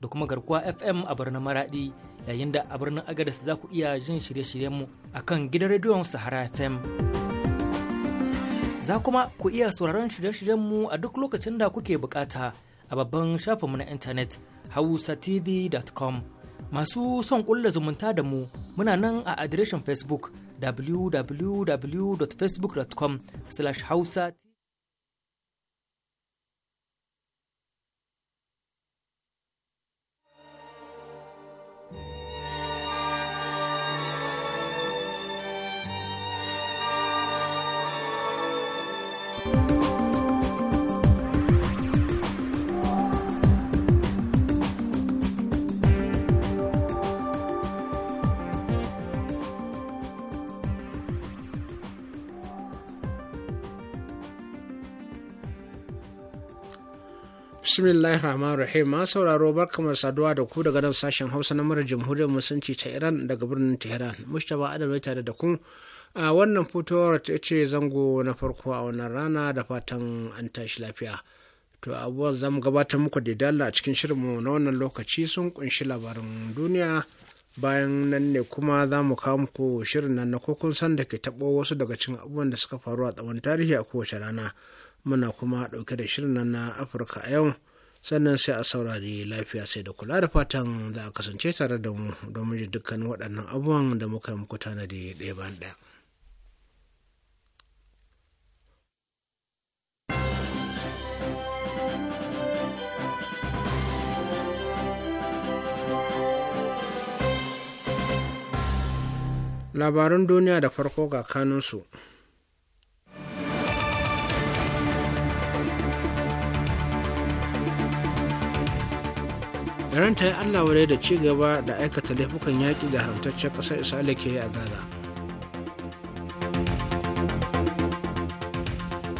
da kuma garkuwa FM a birnin Maradi yayin da a birnin Agadas za ku iya jin shirye-shiryenmu a kan gidan rediyon Sahara FM. Za kuma ku iya sauraron shirye-shiryenmu a duk lokacin da kuke bukata a babban shafinmu na intanet hausatv.com. Masu son ƙulla zumunta da mu muna nan a adireshin Facebook wwwfacebookcom hausatv bismillahir rahman rahim ma sauraro barkamu saduwa da ku daga nan sashen hausa na mara jamhuriyar musulunci ta iran daga birnin tehran mustapha adam ya tare da ku a wannan fitowar ta ce zango na farko a wannan rana da fatan an tashi lafiya to abubuwan za mu gabatar muku da dalla a cikin shirinmu na wannan lokaci sun kunshi labarin duniya bayan nan ne kuma za mu kawo muku shirin nan na kokon san da ke taɓo wasu daga cikin abubuwan da suka faru a tsawon tarihi a kowace rana muna kuma dauke da shirin nan na afirka a yau sannan sai a saurari lafiya sai da kula da fatan za a kasance tare da mu domin ji dukkan waɗannan abubuwan da muka yi muku tanadi ɗaya bayan ɗaya. labaran duniya da farko ga kanunsu yaran ta yi allah da ci gaba da aikata laifukan yaƙi da haramtaccen ƙasar isra'ila ke yi a gaza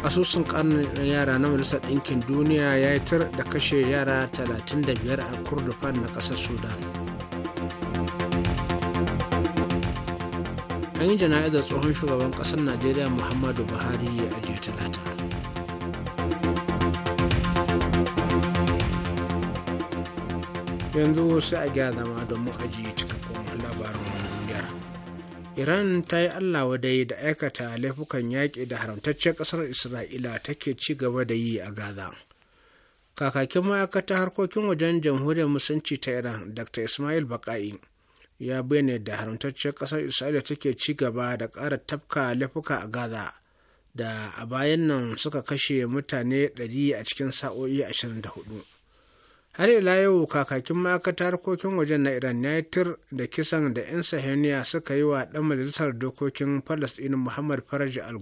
asusun 'yan yara na majalisar ɗinkin duniya ya yi tar da kashe yara 35 a kurdufan na ƙasar sudan an yi jana'izar tsohon shugaban ƙasar najeriya muhammadu buhari a jiya talata yanzu sai a gyara zama domin ajiye cikakkun labarin duniyar iran ta yi allah wadai da aikata laifukan yaƙi da haramtaccen ƙasar isra'ila take ci gaba da yi a gaza kakakin ma'aikatar harkokin wajen jamhuriyar musulunci ta iran dr ismail baka'i ya bayyana da haramtaccen ƙasar isra'ila take ci gaba da ƙara tafka laifuka a gaza da a bayan nan suka kashe mutane 100 a cikin sa'o'i 24 har ila yau kakakin ma'aikata harkokin wajen na iran ya yi tir da kisan da 'yan sahiniya suka yi wa dan majalisar dokokin palestine muhammad faraji al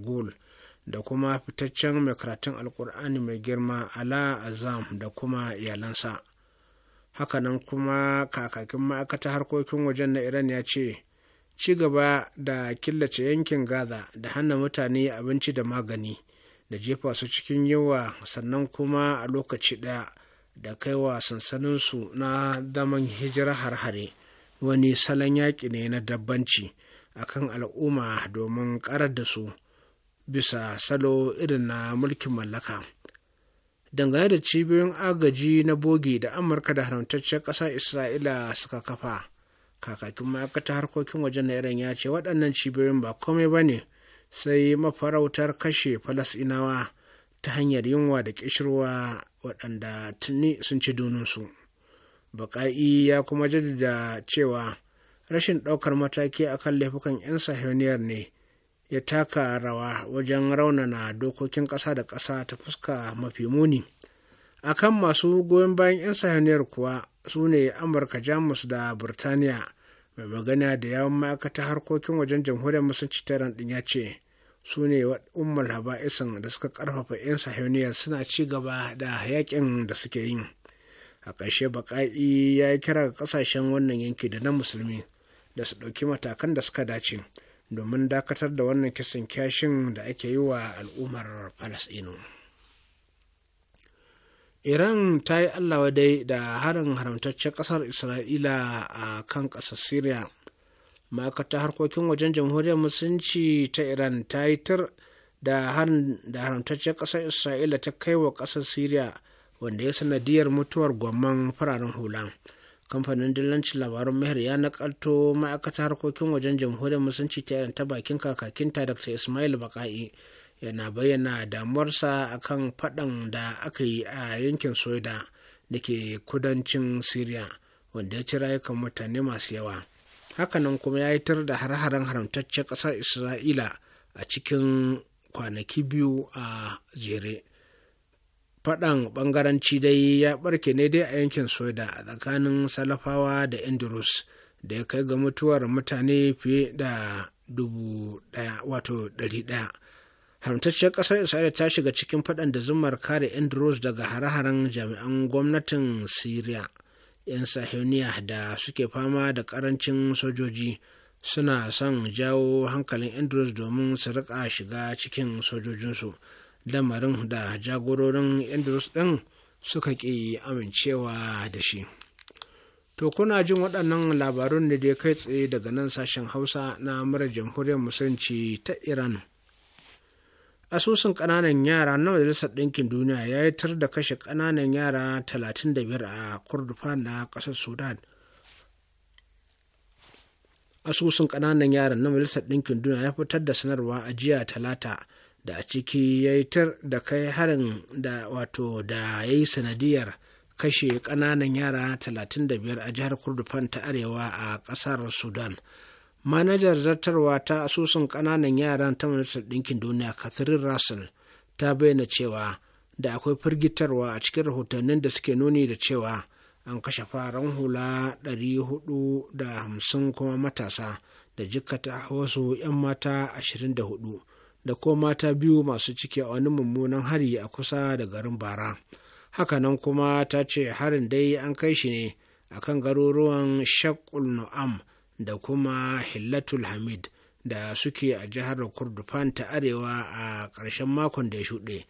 da kuma fitaccen mai karatun alkur'ani mai girma ala azam da kuma iyalansa hakanan kuma kakakin ma'aikatar harkokin wajen na iran ya ce ci gaba da killace yankin gaza da hana mutane abinci da magani da jefa su cikin yawa sannan kuma a lokaci ɗaya da kaiwa sansaninsu na zaman hijira harhare, wani salon yaƙi ne na dabbanci akan al'umma domin ƙarar da su bisa salo irin na mulkin mallaka dangane da cibiyoyin agaji na bogi da amurka da haramtaccen ƙasa isra'ila suka kafa kakakin ma'aikatar harkokin wajen na irin ya ce waɗannan cibiyoyin ba komai ba ne sai mafarautar kashe falasinawa ta hanyar yunwa da ƙishirwa waɗanda tuni sun ci duninsu baƙa'i ya kuma jaddada cewa rashin ɗaukar mataki akan laifukan 'yan sahiyoniyar ne ya taka rawa wajen raunana dokokin ƙasa da ƙasa ta fuska mafi muni kan masu goyon bayan 'yan sahaniyar kuwa su ne amurka jamus da burtaniya mai magana da yawon ma'aikata harkokin wajen jamhuriyar musulunci ta iran ya ce su ne haba isan da suka karfafa 'yan sahiyoniyar suna ci gaba da yakin da suke yi a ƙarshe baƙa'i ya yi kira ga ƙasashen wannan yanki da na musulmi da su ɗauki matakan da suka dace domin dakatar da wannan kisan kyashin da ake yi wa al'ummar falasɗinu iran ta yi allawa dai da harin haramtaccen ƙasar isra'ila a kan ƙasar syria ma'aikatar harkokin wajen jamhuriyar musulunci ta iran ta yi tur da haramtaccen ƙasar isra'ila ta kai wa ƙasar Siriya, wanda ya sanadiyar mutuwar gwamman fararen hula kamfanin dillancin labarun mahar ya nakalto ma'aikatar harkokin wajen jamhuriyar musulunci ta iran ta bakin kakakinta da ismail baka'i yana bayyana damuwarsa akan faɗan da aka yi a yankin soida da ke kudancin Siriya, wanda ya ci rayukan mutane masu yawa hakanan kuma ya yitar da har-haren haramtaccen ƙasar isra'ila a cikin kwanaki biyu a jere faɗan ɓangaranci dai ya ɓarke ne dai a yankin soda a tsakanin salafawa da indus da ya kai ga mutuwar mutane fiye da dubu ɗaya wato ɗari ɗaya haramtacciyar ƙasar isra'ila ta shiga cikin faɗan da zumar kare indus daga hare-haren jami'an gwamnatin Siriya. 'yan sahiyoniya da suke fama da karancin sojoji suna son jawo hankalin andrews domin su rika shiga cikin sojojinsu lamarin da jagororin andrews ɗin suka ƙi amincewa da shi to kuna jin waɗannan labarun ne dai kai tsaye daga nan sashen hausa na mara jamhuriyar musulunci ta iran asusun ƙananan yara na majalisar ɗinkin duniya ya yi tar da kashe ƙananan yara 35 a kurdufan na ƙasar sudan asusun ƙananan yara na majalisar ɗinkin duniya ya fitar da sanarwa a jiya talata da a ciki ya yi tar da kai harin da wato da ya yi sanadiyar kashe ƙananan yara 35 a jihar kurdufan ta arewa a ƙasar sudan manajar zartarwa ta asusun ƙananan yaran ta majalisar ɗinkin duniya catherine russell ta bayyana cewa da akwai firgitarwa a cikin rahotannin da suke nuni da cewa an kashe faran hula 450 kuma matasa da a wasu 'yan mata 24 da ko mata biyu masu ciki a wani mummunan hari a kusa da garin bara hakanan kuma ta ce harin dai an kai shi ne akan garuruwan shakul no'am da kuma hillatul hamid da suke a jihar kurdufan ta arewa a ƙarshen makon da ya shuɗe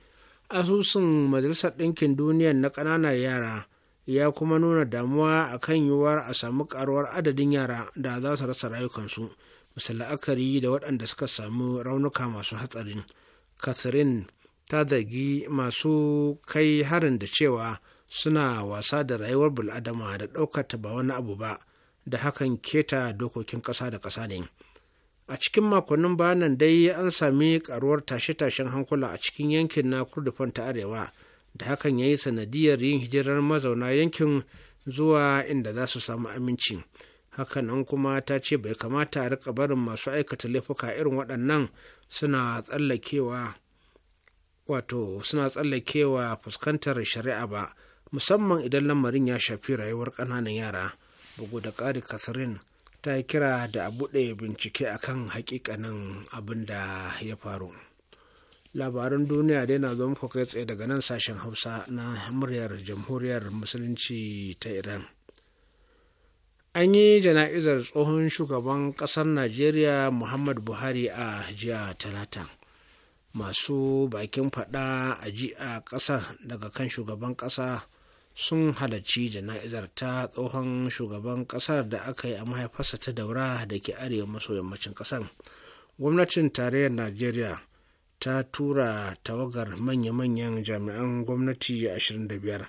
asusun majalisar ɗinkin duniya na ƙananan yara ya kuma nuna damuwa a kan yiwuwar a samu ƙaruwar adadin yara da za su rasa rayukansu misali akari da waɗanda suka samu raunuka masu hatsarin catherine ta zargi masu kai harin da cewa suna wasa da rayuwar bil'adama da ɗaukata ba wani abu ba da hakan keta dokokin ƙasa da ƙasa ne a cikin makonnin bayanan dai an sami karuwar tashe-tashen hankula a cikin yankin na kurdufan ta arewa da hakan ya yi sanadiyar yin hijirar mazauna yankin zuwa inda za su samu aminci hakanan kuma ta ce bai kamata a rika barin masu aikata laifuka irin waɗannan suna tsallakewa wato suna tsallakewa fuskantar shari'a ba musamman idan lamarin ya shafi rayuwar ƙananan yara bugu da ƙari catherine ta yi kira da a buɗe bincike akan hakikanin abin da ya faru labaran duniya dai na zama kai tsaye daga nan sashen hausa na muryar jamhuriyar musulunci ta iran an yi jana'izar tsohon shugaban ƙasar najeriya muhammad buhari a jiya talata masu bakin faɗa a ji a ƙasar daga kan shugaban ƙasa sun halarci jana'izar ta tsohon shugaban kasar da aka yi a mahaifarsa ta daura da ke arewa maso yammacin kasar gwamnatin tarayyar najeriya ta tura tawagar manya-manyan jami'an gwamnati 25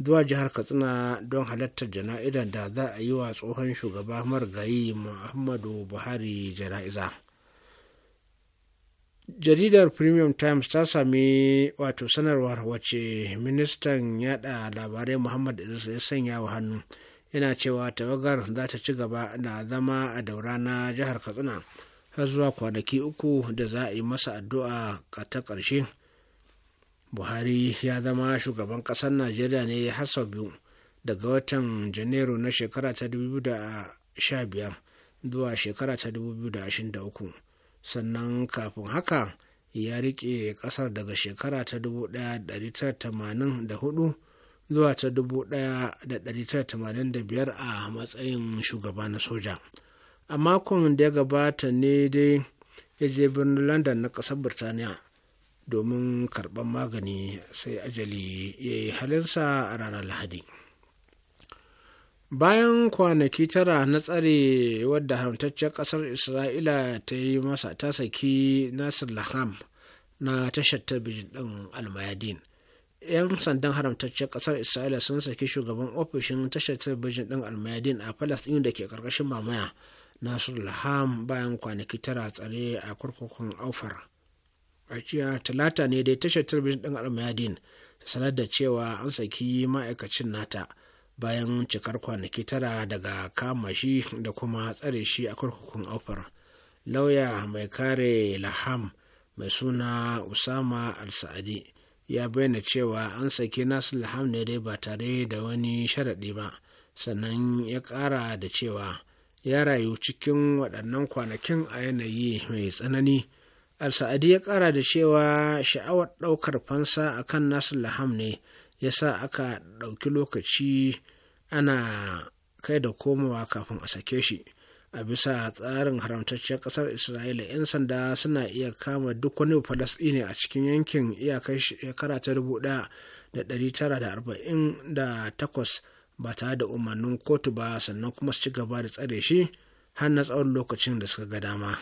zuwa jihar katsina don halartar jana'izar da za a yi wa tsohon shugaba marigayi muhammadu buhari jana'iza. jaridar premium times ta sami wato sanarwar wace ministan yada labarai muhammad idris ya sanya wa hannu yana cewa tawagar za ta ci gaba da zama a daura na jihar katsina har zuwa kwanaki uku da za a yi masa addu'a ta ƙarshe buhari ya zama shugaban ƙasar najeriya ne har sau biyu daga watan janairu na shekara ta 2015 zuwa shekara ta 2023 sannan kafin haka ya riƙe ƙasar daga shekara ta 1984 zuwa ta 1985 a matsayin shugaba na soja a makon da ya gabata ne dai ya je birnin london na ƙasar birtaniya domin karɓar magani sai ajali ya yi halinsa a ranar lahadi bayan kwanaki tara na tsare wadda haramtaccen ƙasar isra'ila ta yi masa ta saki nasir laham na tashar talabijin ɗin almayadin 'yan sandan haramtaccen ƙasar isra'ila sun saki shugaban ofishin tashar talabijin ɗin almayadin a falasɗin da ke ƙarƙashin mamaya nasir laham bayan kwanaki tara tsare a kurkukun aufar a jiya talata ne dai tashar talabijin ɗin almayadin sanar da cewa an saki ma'aikacin nata bayan cikar kwanaki tara daga kama shi da kuma tsare shi a kurkukun ofar lauya mai kare laham mai suna usama al-sa'adi ya bayyana cewa an saki nasu laham ne dai ba tare da wani sharaɗi ba sannan ya ƙara da cewa ya rayu cikin waɗannan kwanakin a yanayi mai tsanani al-sa'adi ya ƙara da cewa sha'awar ɗaukar fansa a kan nasu laham ne ya sa aka ɗauki lokaci ana kai da komawa kafin a sake shi a bisa tsarin haramtacciyar ƙasar isra'ila 'yan sanda suna iya kama duk wani falasɗini a cikin yankin iyakar shekara ta dubu ɗaya da ɗari tara da arba'in da takwas ba tare da umarnin kotu ba sannan kuma su ci gaba da tsare shi har na tsawon lokacin da suka ga dama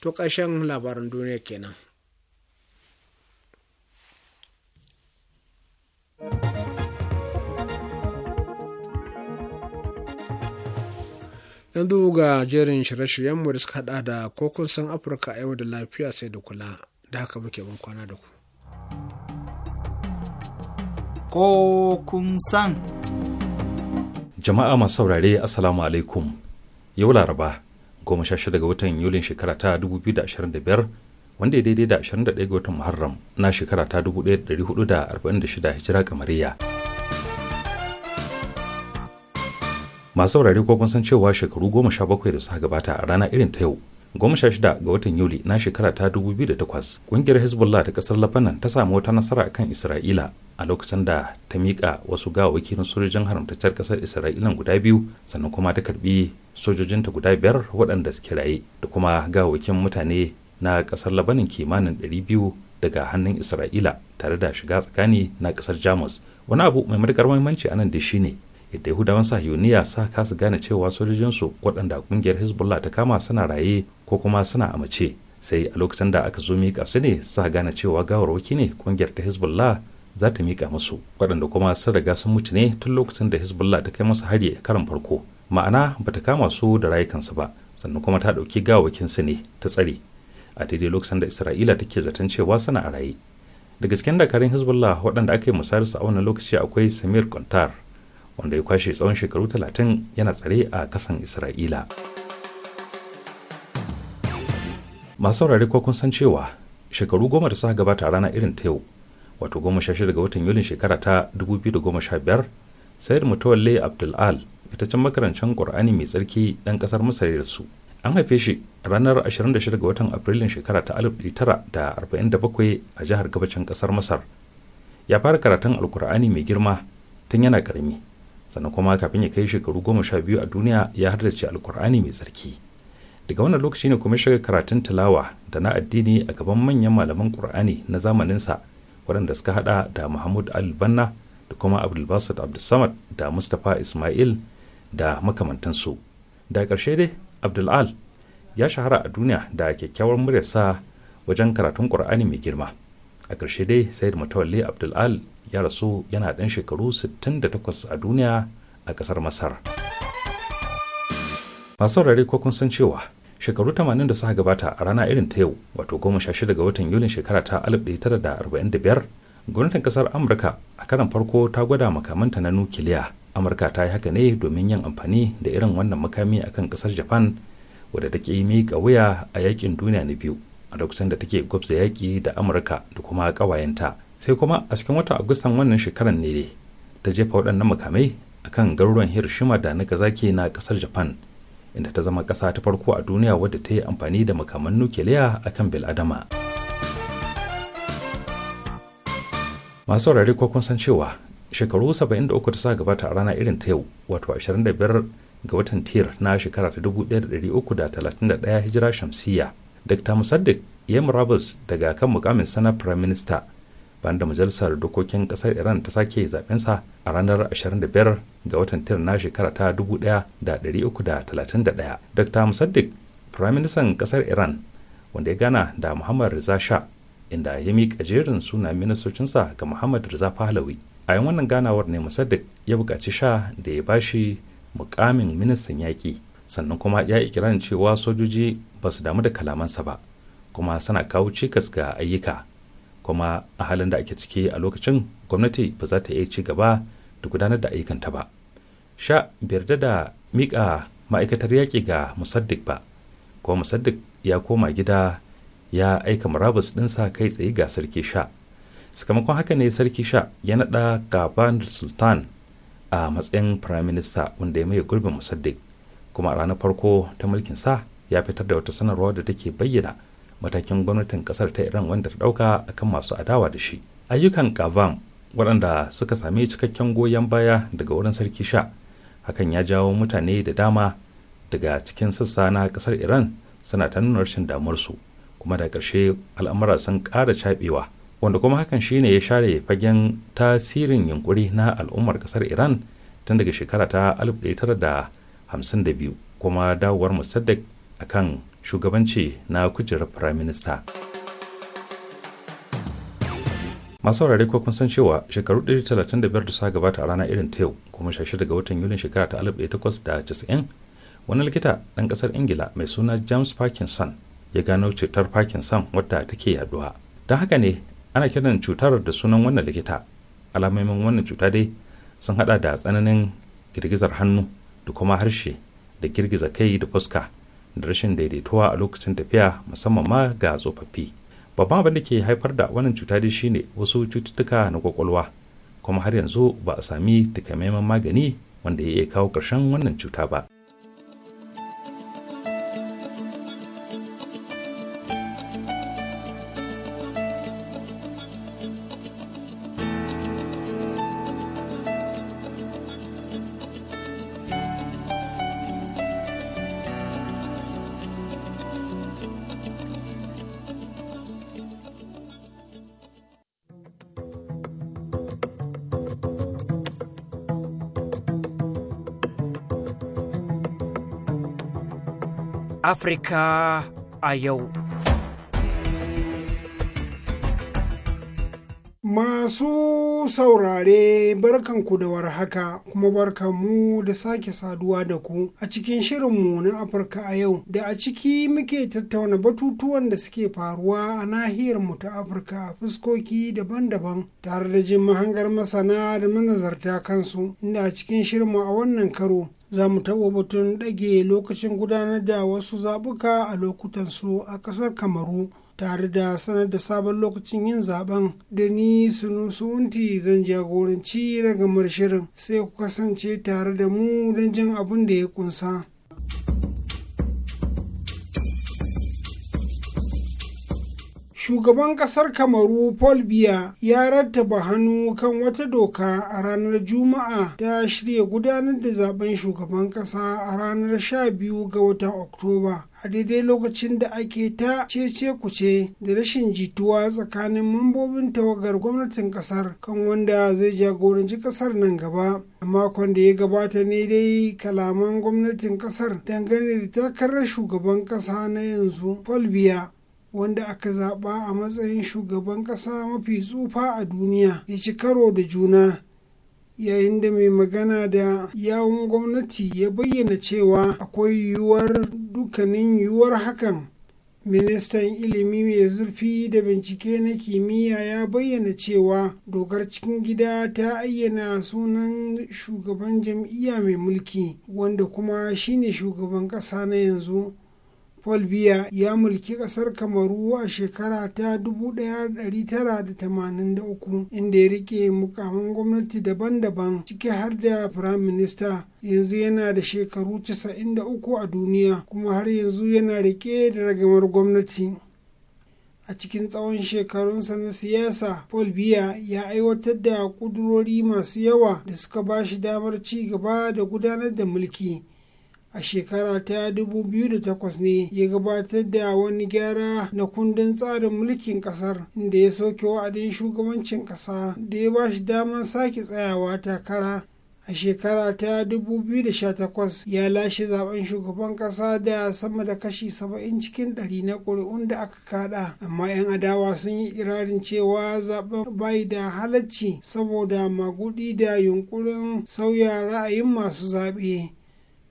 to ƙarshen labaran duniya kenan yanzu ga jerin shirye-shiryenmu da suka hada da kokun san afirka yau da lafiya sai da kula da haka muke ban kwana da ku kokun san jama'a masu saurare assalamu alaikum yau laraba goma ga watan yulin shekara ta 2025 wanda ya daidai da 21 ga watan Muharram na shekara ta 1446 hijira kamariya. Masu saurare ko kun san cewa shekaru 17 da suka gabata a rana irin ta yau, goma sha shida ga watan Yuli na shekara ta dubu 2008, kungiyar Hezbollah ta kasar Lebanon ta samu wata nasara kan Isra'ila a lokacin da ta miƙa wasu gawawwaki na sojojin haramtacciyar kasar Isra'ilan guda biyu sannan kuma ta karbi sojojinta guda biyar waɗanda suke raye da kuma gawakin mutane na kasar labanin kimanin 200 daga hannun isra'ila tare da shiga tsakani na kasar jamus wani abu mai matukar muhimmanci anan da shine yadda yahudawan sahiyoniya sa kasu gane cewa sojojinsu waɗanda ƙungiyar hezbollah ta kama suna raye ko kuma suna amace sai a lokacin da aka zo miƙa su ne sa gane cewa gawarwaki ne ƙungiyar ta hezbollah za ta miƙa musu waɗanda kuma sun riga sun mutu ne tun lokacin da hezbollah ta kai musu hari a karon farko ma'ana bata kama su da rayukansu ba sannan kuma ta ɗauki gawakin su ne ta tsare a daidai lokacin da isra'ila take zaton cewa suna a raye da gasken dakarun hezbollah waɗanda aka yi su a wannan lokaci akwai samir kontar wanda ya kwashe tsawon shekaru talatin yana tsare a kasan isra'ila masu saurare ko kun san cewa shekaru goma da suka gabata a rana irin ta yau wato goma sha shida ga watan yulin shekara ta 2015 sayar mutawalle abdul al fitaccen makarancin qur'ani mai tsarki ɗan kasar masar da su an haife shi ranar 26 ga watan afrilun shekara ta 1947 a jihar gabacin kasar masar ya fara karatun alkur'ani mai girma tun yana karami sannan kuma kafin ya kai shekaru goma sha biyu a duniya ya haddace alkur'ani mai tsarki daga wannan lokaci ne kuma shiga karatun talawa da na addini a gaban manyan malaman qur'ani na zamaninsa waɗanda suka hada da mahmud al-banna da kuma abdulbasit abdulsamad da mustapha ismail da makamantansu da ƙarshe dai abdul'al ya shahara a duniya da kyakkyawar muryarsa wajen karatun ƙur'ani mai girma a ƙarshe dai sayid mutawalli abdul'al ya rasu yana ɗan shekaru 68 a duniya a ƙasar masar masu rare ko kun san cewa shekaru 80 da suka gabata a rana irin ta yau wato 16 ga watan yulin shekara ta 1945 gwamnatin ƙasar amurka a karan farko ta gwada makamanta na nukiliya amurka ta yi haka ne domin yin amfani da irin wannan makami akan kasar japan wadda take mai wuya a yakin duniya na biyu a lokacin da take gwabza yaƙi da amurka da kuma ƙawayenta sai kuma a cikin watan agustan wannan shekaran ne ta jefa waɗannan makamai akan garuruwan hiroshima da nagasaki na kasar japan inda ta zama ƙasa ta farko a duniya wadda ta yi amfani da makaman nukiliya akan bil'adama masu saurare ko kun san cewa shekaru 73 da sa gabata a rana irin ta yau wato 25 ga watan tir na shekara ta 1331 hijira shamsiyya dr musaddik ya murabus daga kan mukamin sana prime minister bayan da majalisar dokokin kasar iran ta sake zabensa a ranar 25 ga watan tir na shekara ta 1331 dr musaddik prime minister kasar iran wanda ya gana da muhammad riza sha inda ya miƙa jerin suna ministocinsa ga muhammad riza halawi a yin wannan ganawar ne musaddik ya buƙaci sha da ya bashi mukamin ministan yaƙi sannan kuma ya ikirarin cewa sojoji ba su damu da kalamansa ba kuma suna kawo cikas ga ayyuka kuma a halin da ake ciki a lokacin gwamnati ba za ta iya ci gaba da gudanar da ayyukanta ba sha bai yarda da miƙa ma'aikatar yaƙi ga musaddik ba kuma musaddik ya koma gida ya aika murabus ɗinsa kai tsaye ga sarki sha sakamakon haka ne sarki sha ya naɗa gaban sultan a matsayin firaminista wanda ya maye gurbin musaddik kuma a ranar farko ta mulkin sa ya fitar da wata sanarwa da take bayyana matakin gwamnatin kasar ta iran wanda ta dauka akan masu adawa da shi ayyukan kavam waɗanda suka sami cikakken goyon baya daga wurin sarki sha hakan ya jawo mutane da dama daga cikin sassa na kasar iran suna ta nuna rashin damuwarsu kuma da ƙarshe al'amura sun ƙara caɓewa wanda kuma hakan shine ya share fagen tasirin yunkuri na al'ummar kasar iran tun daga shekara ta 1952 kuma dawowar musaddak kan shugabanci na kujerar firaminista masu saurare ko kun san cewa shekaru 135 da suka gabata a rana irin ta kuma 16 ga watan yulin shekara ta 1890 wani likita ɗan ƙasar ingila mai suna james parkinson ya gano cutar parkinson wadda take yaduwa don haka ne ana kiran cutar da sunan wannan likita alamomin wannan cuta dai sun hada da tsananin girgizar hannu da kuma harshe da girgiza kai da fuska da rashin daidaituwa a lokacin tafiya musamman ma ga tsofaffi babban abin da ke haifar da wannan cuta dai shine wasu cututtuka na kwakwalwa kuma har yanzu ba a sami takamaiman magani wanda ya iya kawo ƙarshen wannan cuta ba Afirka a yau. Masu saurare barkanku da warhaka kuma mu da sake saduwa da ku a cikin shirinmu na Afirka a yau da a ciki muke tattauna batutuwan da suke faruwa a nahiyar mu ta Afirka a fuskoki daban-daban tare da jin mahangar masana da manazarta kansu inda a cikin shirinmu a wannan karo za mu taɓa batun ɗage lokacin gudanar da wasu zaɓuka a lokutan su a ƙasar kamaru tare da sanar da sabon lokacin yin zaben da ni sunusunti zan jagoranci ragamar shirin sai ku kasance tare da mu don jin abin da ya kunsa. shugaban kasar kamaru paul biya ya rattaba hannu kan wata doka a ranar juma'a ta shirya gudanar da zaben shugaban kasa a ranar 12 ga watan oktoba a daidai lokacin da ake ta cece kuce da rashin jituwa tsakanin mambobin tawagar gwamnatin kasar kan wanda zai jagoranci kasar nan gaba a makon da ya gabata ne dai kalaman gwamnatin kasar dangane da takarar shugaban kasa na yanzu paul biya wanda aka zaɓa a matsayin shugaban ƙasa mafi tsufa a duniya ya ci karo da juna yayin da mai magana da yawon gwamnati ya bayyana cewa akwai yiwuwar dukkanin yiwuwar hakan ministan ilimi mai zurfi da bincike na kimiyya ya bayyana cewa dokar cikin gida ta ayyana sunan shugaban jam'iyya mai mulki wanda kuma shine shugaban ƙasa na yanzu paul biya ya mulki kasar kamaru a shekara ta 1983 inda ya rike mukamin gwamnati daban-daban ciki har da firayim minista yanzu yana da shekaru 93 a duniya kuma har yanzu yana rike da ragamar gwamnati a cikin tsawon shekarunsa na siyasa paul biya ya aiwatar da kudurori masu yawa da suka ba shi damar ci gaba da gudanar da mulki a shekara ta 2008 ne ya gabatar da wani gyara na kundin tsarin mulkin kasar inda ya soke wa'adin shugabancin kasa da ya ba shi damar sake tsayawa takara a shekara ta 2018 ya lashe zaben shugaban kasa da sama da kashi 70 cikin 100 na ƙuri'un da aka kada amma 'yan adawa sun yi irarin cewa zaben bai da halacci saboda magudi da yunkurin sauya ra'ayin masu zaɓe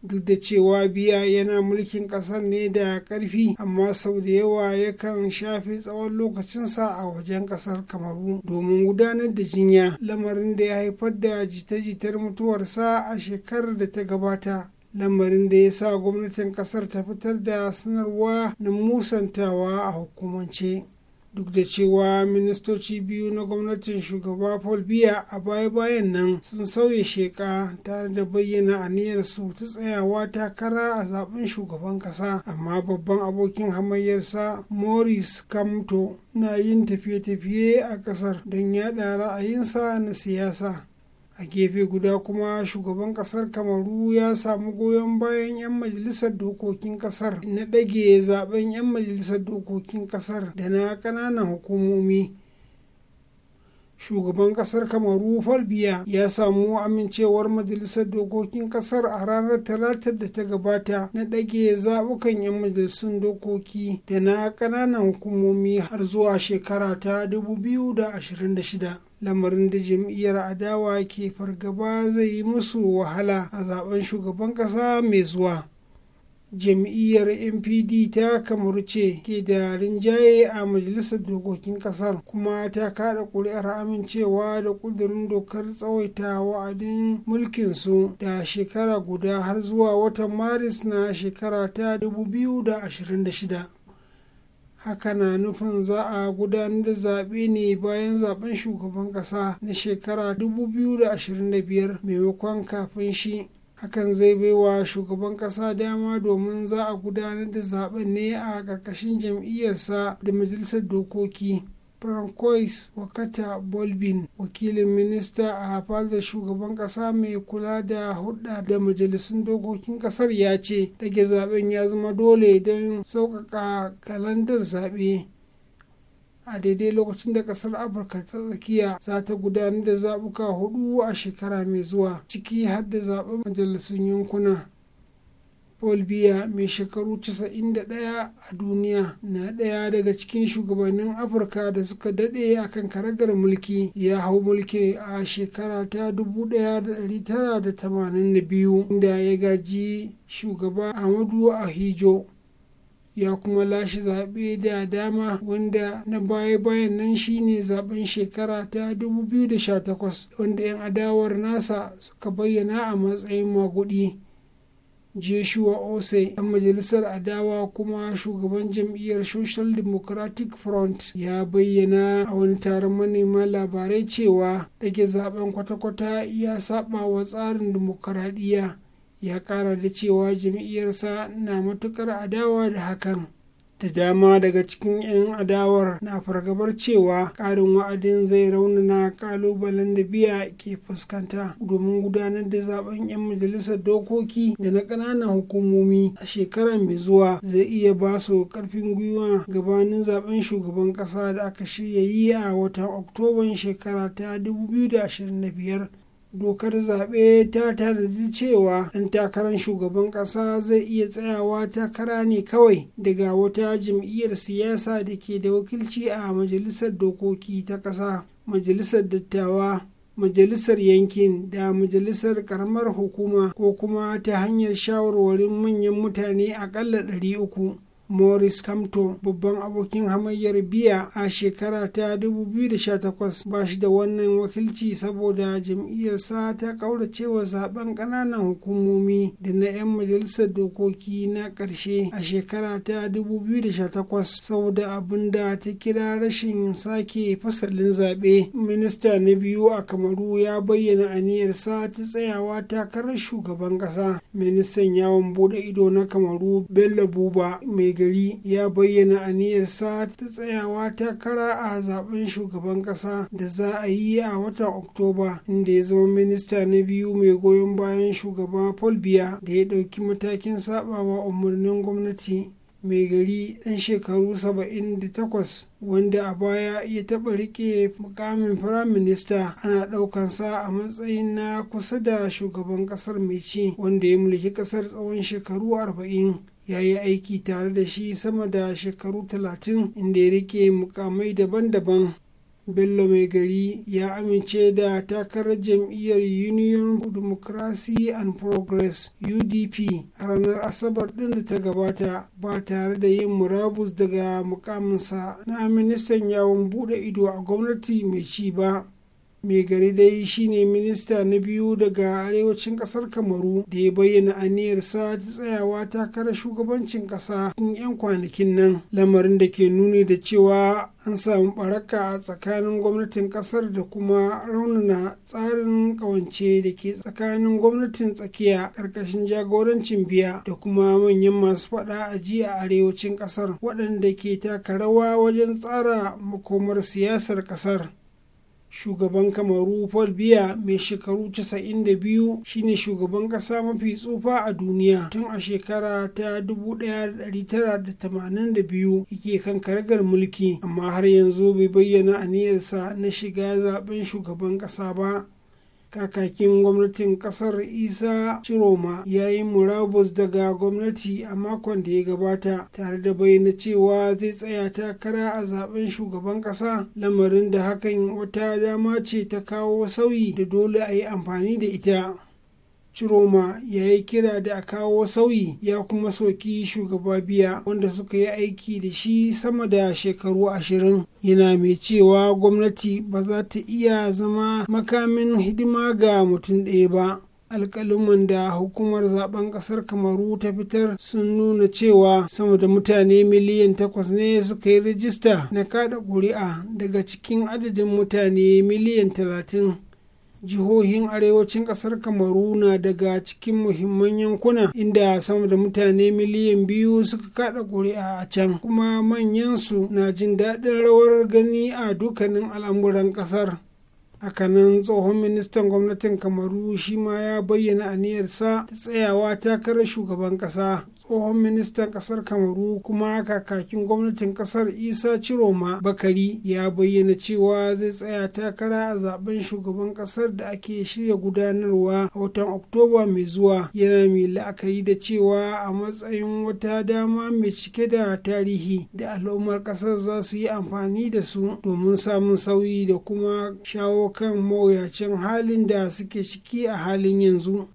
duk da cewa biya yana mulkin ƙasar ne da ƙarfi amma sau da yawa yakan shafe tsawon lokacinsa a wajen ƙasar kamaru domin gudanar da jinya lamarin da ya haifar da jita-jitar mutuwarsa a shekarar da ta gabata lamarin da ya sa gwamnatin ƙasar ta fitar da sanarwa na musantawa a hukumance duk da cewa ministoci biyu na gwamnatin shugaba paul biya a baya-bayan nan sun sauya sheka tare da bayyana aniyarsu ta tsayawa takara a zaben shugaban kasa amma babban abokin hamayyarsa morris kamto na yin tafiye-tafiye a kasar don yada ra'ayinsa na siyasa a gefe guda kuma shugaban kasar kamaru ya samu goyon bayan 'yan majalisar dokokin kasar na ɗage zaben 'yan majalisar dokokin kasar da na ƙananan hukumomi shugaban kasar kamaru falbiya ya samu amincewar majalisar dokokin kasar a ranar talatar da ta gabata na ɗage zaɓukan 'yan majalisun dokoki da na ƙananan hukumomi har zuwa shekara ta 2026 lamarin da jam'iyyar adawa ke fargaba zai yi musu wahala a zaben shugaban ƙasa mai zuwa jam'iyyar npd ta kamaru ce ke da rinjaye a majalisar dokokin kasar kuma ta kada kuri'ar amincewa da kudurin dokar tsawaita wa'adin mulkinsu da shekara guda har zuwa watan maris na shekara ta 2026 haka na nufin za a gudanar da zaɓe ne bayan zaɓen shugaban ƙasa na shekara 2025 maimakon kafin shi hakan zai baiwa shugaban ƙasa dama domin za a gudanar da zaɓen ne a ƙarƙashin jam'iyyarsa da majalisar dokoki francois wakata bolbin wakilin minista a fadar shugaban kasa mai kula da hudda da majalisun dokokin kasar ya ce dage zaben ya zama dole don sauƙaƙa kalandar zaɓe a daidai lokacin da kasar afirka ta tsakiya za ta gudanar da zaɓuka hudu a shekara mai zuwa ciki har da zaɓen majalisun yankuna paul biya mai shekaru 91 a duniya na ɗaya daga cikin shugabannin afirka da suka daɗe akan kan karagar mulki ya hau mulki a shekara ta 1982 inda ya gaji shugaba amadu ahijo ya kuma lashe zaɓe da dama wanda na baya-bayan nan shine zaben shekara ta 2018 wanda 'yan adawar nasa suka bayyana a matsayin magudi Joshua Osei, ɗan majalisar adawa kuma shugaban jam'iyyar Social Democratic Front ya bayyana a wani taron manema labarai cewa ɗage zaben kwata-kwata ya saba wa tsarin dimokuraɗiyya ya ƙara da cewa jam'iyyarsa na matukar adawa da hakan da dama daga cikin 'yan adawar na fargabar cewa ƙarin wa'adin zai raunana ƙalubalen da biya ke fuskanta domin gudanar da zaben 'yan majalisar dokoki da na ƙananan hukumomi a shekara mai zuwa zai iya ba su ƙarfin gwiwa gabanin zaben shugaban ƙasa da aka shirya yi a watan oktoban shekara ta 2025 dokar zaɓe ta tanadi cewa ɗan takarar shugaban ƙasa zai iya tsayawa takara ne kawai daga wata jam'iyyar siyasa da ke da wakilci a majalisar dokoki ta ƙasa majalisar dattawa majalisar yankin da majalisar karamar hukuma ko kuma ta hanyar shawarwarin manyan mutane akalla uku. Morris Kamto babban abokin hamayyar biya a shekara ta 2018 ba shi da wannan wakilci saboda jam'iyyarsa ta cewa zaben ƙananan hukumomi da na 'yan majalisar dokoki na ƙarshe a shekara ta 2018 saboda abin da ta kira rashin sake fasalin zaɓe. Minista na biyu a Kamaru ya bayyana aniyarsa ta tsayawa takarar shugaban ƙasa. Ministan yawon bude ido na Kamaru Bello Buba mai gari ya bayyana aniyarsa ta tsayawa takara a zaben shugaban kasa da za a yi a watan oktoba inda ya zama minista na biyu mai goyon bayan shugaba paul biya da ya ɗauki matakin sabawa umarnin gwamnati mai gari dan shekaru 78 wanda a baya ya taɓa riƙe mukamin firaminista ana ɗaukansa a matsayin na kusa da shugaban ƙasar mai ci wanda ya mulki ƙasar tsawon shekaru 40 ya yi aiki tare da shi sama da shekaru talatin inda ya rike mukamai daban-daban bello mai gari ya amince da takarar jam'iyyar union democracy and progress udp a ranar asabar din da ta gabata ba tare da yin murabus daga mukaminsa na ministan yawon bude ido a gwamnati mai ci ba Mai gari dai shine minista na biyu daga arewacin kasar kamaru da ya bayyana aniyarsa ta tsayawa takarar shugabancin kasa cikin 'yan kwanakin nan lamarin da ke nuni da cewa an samu baraka a tsakanin gwamnatin kasar da kuma raunana tsarin kawance da ke tsakanin gwamnatin tsakiya karkashin jagorancin biya da kuma manyan masu fada a jiya arewacin kasar waɗanda ke taka rawa wajen tsara makomar siyasar kasar shugaban kamaru paul biya mai shekaru 92 shine shugaban kasa mafi tsufa a duniya tun a shekara ta 1982 yake kan karagar mulki amma har yanzu bai bayyana a aniyarsa na shiga zaben shugaban kasa ba kakakin gwamnatin kasar isa ciroma ya yi murabus daga gwamnati a makon da ya gabata tare da bayyana cewa zai tsaya takara a zaben shugaban kasa lamarin da hakan wata dama ce ta kawo sauyi da dole a yi amfani da ita Ciroma ya yi kira da a kawo sauyi ya kuma soki shugaba biya wanda suka yi aiki da shi sama da shekaru ashirin yana mai cewa gwamnati ba za ta iya zama makamin hidima ga mutum ɗaya ba Alkalin da hukumar zaben ƙasar kamaru ta fitar sun nuna cewa sama da mutane miliyan takwas ne suka yi rijista na kada ƙuri'a daga cikin adadin mutane miliyan talatin jihohin arewacin ƙasar kamaru na daga cikin muhimman yankuna inda sama da mutane miliyan biyu suka kada ƙuri'a a can kuma manyansu na jin daɗin rawar gani a dukkanin al'amuran kasar hakanan tsohon ministan gwamnatin kamaru shi ma ya bayyana aniyarsa ta tsayawa takarar shugaban ƙasa. tsohon ministan kasar kamaru kuma kakakin gwamnatin kasar isa ciroma bakari ya bayyana cewa zai tsaya takara a zaben shugaban kasar da ake shirya gudanarwa a watan oktoba mai zuwa yana mai la'akari da cewa a matsayin wata dama mai cike da tarihi da al'ummar kasar za su yi amfani da su domin samun sauyi da kuma shawo kan mawuyacin halin da suke ciki a halin yanzu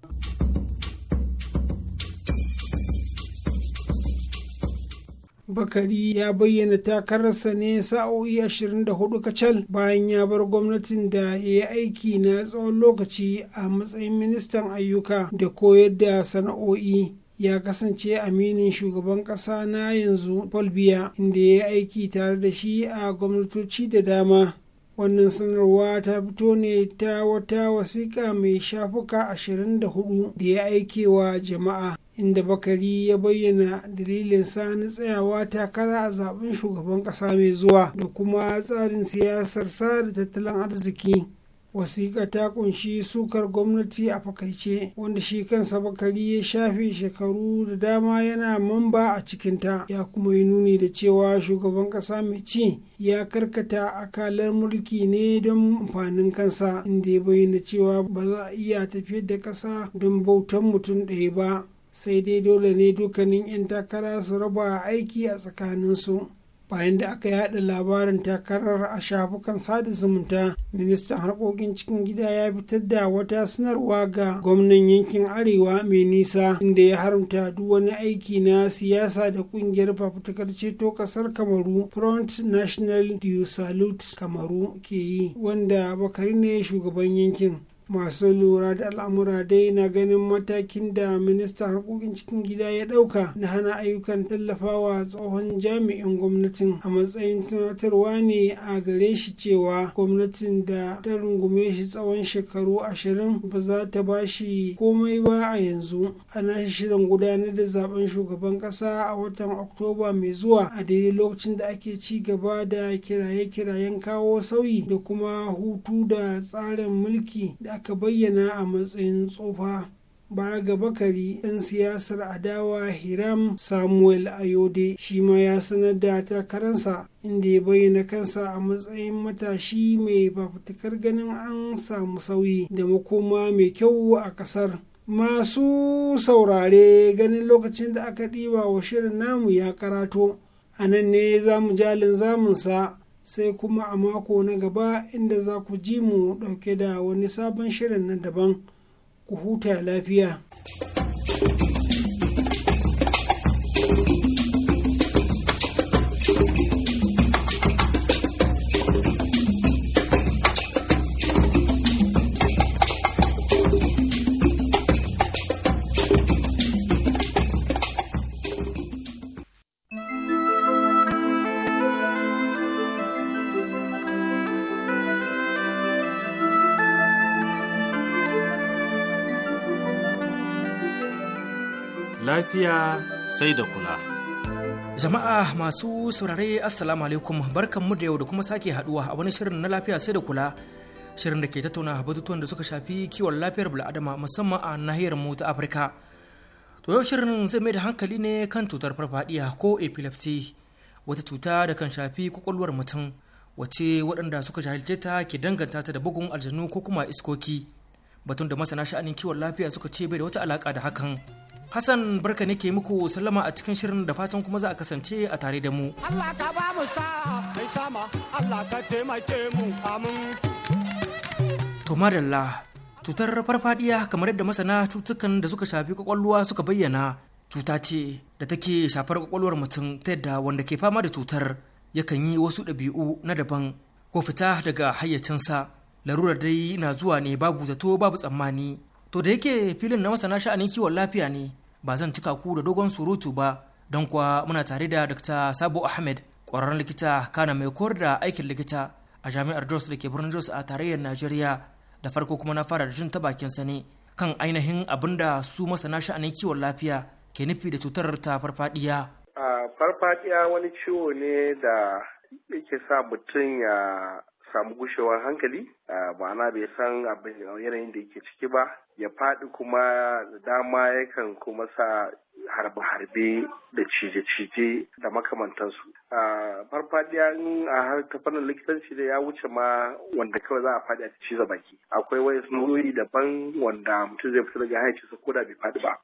bakari ya bayyana takararsa ne sa'o'i 24 kacal bayan ya bar gwamnatin da ya yi aiki na tsawon lokaci a matsayin ministan ayyuka da koyar da sana'o'i ya kasance aminin shugaban kasa na yanzu paul biya inda ya yi aiki tare da shi a gwamnatoci da dama wannan sanarwa ta fito ne ta wata wasiƙa mai shafuka 24 da ya aike wa jama'a inda bakari ya bayyana dalilin sa na tsayawa takara a zaben shugaban ƙasa mai zuwa da kuma tsarin siyasar sa da tattalin arziki wasiƙa ta kunshi sukar gwamnati a fakaice wanda shi kansa bakari ya shafe shekaru da dama yana mamba a cikinta ya kuma yi nuni da cewa shugaban ƙasa mai ci ya karkata akalar mulki ne don amfanin kansa inda ya bayyana cewa ba za a iya tafiyar da ƙasa don bautan mutum ɗaya ba sai dai dole ne dukkanin 'yan takara su raba aiki a tsakaninsu bayan da aka yada labarin takarar a shafukan sada zumunta ministan harkokin cikin gida ya fitar da wata sanarwa ga gwamnan yankin arewa mai nisa inda ya haramta duk wani aiki na siyasa da kungiyar fafutukar ceto kasar kamaru front national du Salute kamaru ke yi wanda bakari ne shugaban yankin masu lura da al'amura dai na ganin matakin da minista harkokin cikin gida ya dauka na hana ayyukan tallafawa tsohon jami'in gwamnatin a matsayin tunatarwa ne a gare shi cewa gwamnatin da ta rungume shi tsawon shekaru ashirin ba za ta ba shi komai ba a yanzu ana shirin gudanar da zaben shugaban kasa a watan oktoba mai zuwa a daidai lokacin da ake ci gaba da kiraye-kirayen kawo sauyi da kuma hutu da tsarin mulki da aka bayyana a matsayin tsofa Ba ga bakari ɗan siyasar adawa hiram samuel ayode shi ma ya sanar da takararsa inda ya bayyana kansa a matsayin matashi mai fafutukar ganin an samu sauyi da makoma mai kyau a ƙasar masu saurare ganin lokacin da aka ɗiba wa shirin namu ya karato a nan ne za mu jalin zamunsa sai kuma a mako na gaba inda za ku ji mu ɗauke da wani sabon shirin na daban ku huta lafiya. lafiya sai da kula. Jama'a masu saurare Assalamu alaikum barkanmu da yau da kuma sake haduwa a wani shirin na lafiya sai da kula. Shirin da ke tattauna batutuwan da suka shafi kiwon lafiyar bil'adama musamman a nahiyar mu ta Afirka. To yau shirin zai mai da hankali ne kan cutar farfadiya ko epilepsy wata cuta da kan shafi kwakwalwar mutum wace waɗanda suka jahilce ta ke danganta ta da bugun aljanu ko kuma iskoki. batun da masana sha'anin kiwon lafiya suka ce bai da wata alaka da hakan Hassan barka ne ke muku sallama a cikin shirin da fatan kuma za a kasance a tare da mu. Allah ka ba mu sa mai sama Allah ka taimake mu amin. To madalla cutar farfadiya kamar yadda masana cutukan da suka shafi kwakwalwa suka bayyana cuta ce da take shafar kwakwalwar mutum ta yadda wanda ke fama da cutar yakan yi wasu ɗabi'u na daban ko fita daga hayyacinsa larurar dai na zuwa ne babu zato babu tsammani to da yake filin na masana sha'anin kiwon lafiya ne ba zan cika ku da dogon surutu ba don kuwa muna tare da Dr. Sabo Ahmed kwararren likita kana mai koyar da aikin likita a jami'ar Jos da ke birnin Jos a tarayyar Najeriya da farko kuma na fara da jin ta bakin sani kan ainihin abin da su masana sha'anin kiwon lafiya ke nufi da cutar ta farfadiya. farfadiya wani ciwo ne da yake sa mutum ya samu gushewar hankali ma'ana bai san abin yanayin da yake ciki ba ya faɗi kuma dama yakan kuma sa harbe-harbe da cije-cije da makamantansu farfadiya a har ta fannin likitanci da ya wuce ma wanda kawai za a faɗi a ciza baki akwai wani sunurori daban wanda mutum zai fita daga haici su koda bai faɗi ba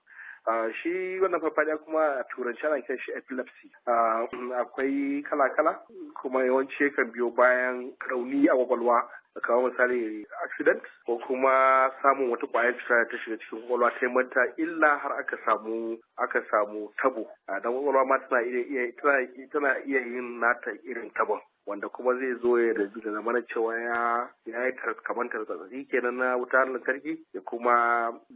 shi wannan farfadiya kuma a turanci ana kiran shi epilepsy mm, akwai kala-kala kuma yawanci yakan biyo bayan rauni a kwakwalwa kamar misali accident ko kuma samun wata kwayar cuta ta shiga cikin kwakwalwa ta manta illa har aka samu aka samu tabo dan kwakwalwa ma tana iya tana iya yin nata irin tabon wanda kuma zai zo ya da zamanin cewa ya ya yi kamar tarzatsatsi kenan na wutar lantarki ya kuma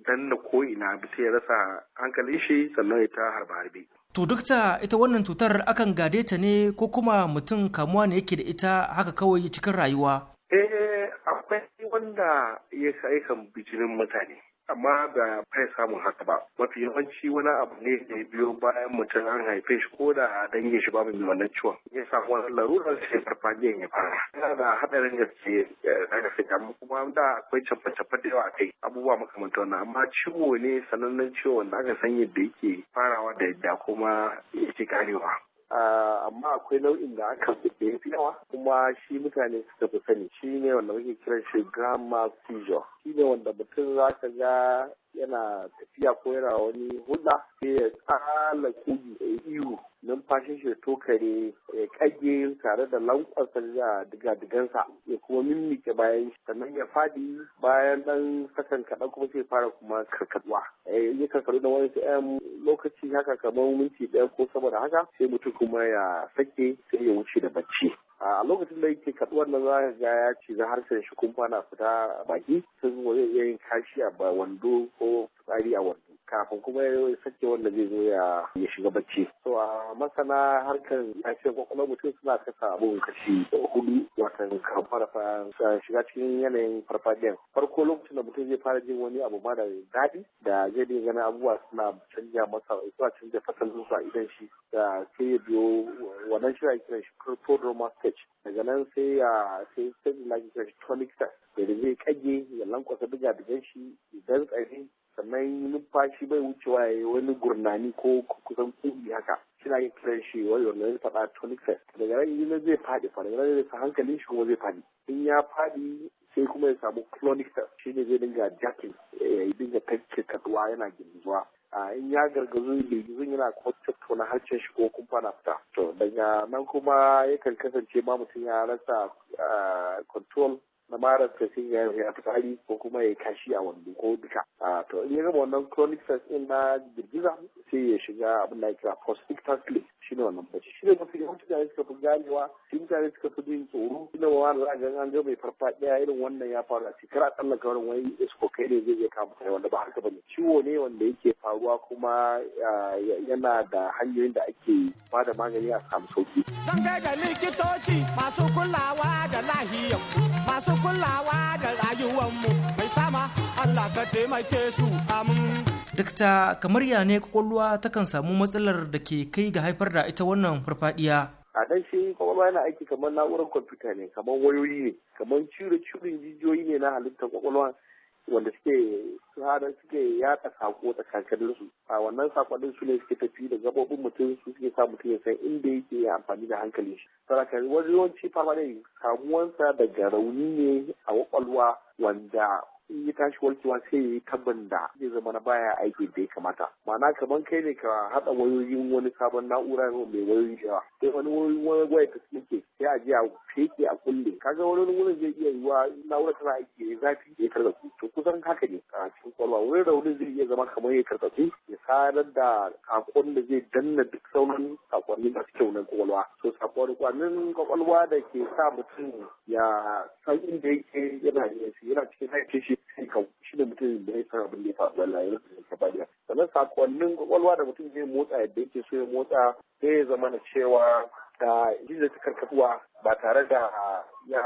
danna ko ina bisa ya rasa hankali shi sannan ya ta harba harbe. To dukta ita wannan cutar akan gade ta ne ko kuma mutum kamuwa ne yake da ita haka kawai cikin rayuwa? Eh akwai wanda ya kan bijinin mutane. amma ba bai samun haka ba mafi yawanci wani abu ne da ya biyo bayan mutum an haife shi ko da a dangin shi babu mai wannan ciwon ya samu wani larurar sai farfajiyan ya fara yana da haɗarin gaske daga eh, fita amma kuma da akwai canfa-canfa da yawa a kai abubuwa makamanta wannan amma ciwo ne sanannen ciwon da aka san yadda yake farawa da yadda kuma yake karewa Ah, amma akwai nau'in da aka da ya fi yawa kuma shi mutane suka fi sani shi ne wanda muke kiran shi mal seizure shi ne wanda mutum za ka ga yana tafiya ko yana wani hulɗa sai ya tsala kogi ya ihu numfashin shi tokare ya kage tare da lankwasa da digadigansa ya kuma mimmike bayan shi sannan ya fadi bayan dan sakan kaɗan kuma sai fara kuma karkaduwa eh, ya karkaru da wani yan lokaci haka kamar minti ɗaya ko sama haka sai mutum kuma ya sake sai ya wuce da bacci a lokacin da yake kaduwar wannan za ga ya ce za harshen shi kumfa na fita baki sun zai iya yin kashi a ba wando ko tsari a wando kafin kuma ya sake wanda zai zo ya shiga bacci so a masana harkar lafiyar kwakwalwar mutum suna kasa abun kashi hudu watan kamar shiga cikin yanayin farfadiyan farko lokacin da mutum zai fara jin wani abu ma da daɗi da zai dinga ganin abubuwa suna canja masa suna canja fasalin su a idan shi da sai ya biyo wannan shi kiran shi prodromal stage daga nan sai ya sai sai da kiran shi tonic stage da zai kage ya lankwasa diga digan shi idan tsari sannan numfashi bai wucewa ya wani gurnani ko kusan kubi haka suna yin kiranshi wani wani faɗa tonic fest daga ran yi zai faɗi fa daga nan zai hankalin shi kuma zai faɗi in ya faɗi sai kuma ya samu clonic fest shi ne zai dinga jakin eh, ya dinga tanke kaduwa yana girgizuwa a in ya gargazu girgizun yana kuma tattauna harshen shi ko kuma na fita to daga nan kuma yakan kasance ma mutum ya rasa eh, control na marar sai ya tsari ko kuma ya kashi a wando ko duka a to in ya wannan chronic stress in na girgiza sai ya shiga abin da ya kira post-ictal sleep shi ne wannan bacci shi ne mafi yawanci da suka fi ganewa mutane suka fi jin tsoro ina wa za a gan an mai farfaɗiya irin wannan ya faru a cikin a tsallaka wani wani isko kai ne zai iya kama kai wanda ba haka bane ciwo ne wanda yake faruwa kuma yana da hanyoyin da ake bada magani a samu sauki. Zan kai ga likitoci masu kulawa da lahiyar masu kulawa da mu mai sama Allah ka taimake su amin. Dakta kamar ya ne kwakwalwa takan samu matsalar da ke kai ga haifar da ita wannan farfadiya. a dan shi kwakwalwa yana aiki kamar na'urar kwamfuta ne kamar wayoyi ne kamar cire curin jijiyoyi ne na halittar kwakwalwa wanda suke hada suke yaka sako tsakankanin su a wannan sakonnin su ne suke tafi da gabobin mutum su suke sa mutum ya san inda yake amfani da hankali shi saraka wani yawanci fama ne samuwansa daga rauni ne a kwakwalwa wanda in ya tashi warkewa sai ya yi da zai zama na baya aiki da ya kamata ma'ana kamar kai ne ka haɗa wayoyin wani sabon na'ura mai wayoyi da yawa sai wani wani waya ta suke sai a jiya a feke a kulle kaga wani wurin zai iya yiwa na'ura tana aiki ya zafi ya tarzaku to kusan haka ne a cikin kwalwa wani raunin zai iya zama kamar ya tarzaku ya sadar da sakon da zai danna duk sauran sakonni masu kyau na kwakwalwa so sakonnin kwakwalwa da ke sa mutum ya san inda yake yana yana cikin haifin shi kai ka shi da mutum da ya san abin da ya faru wallahi ya rasa da sannan sakonnin kwakwalwa da mutum zai motsa yadda yake so ya motsa sai ya zama na cewa da gizo ta karkatuwa ba tare da ya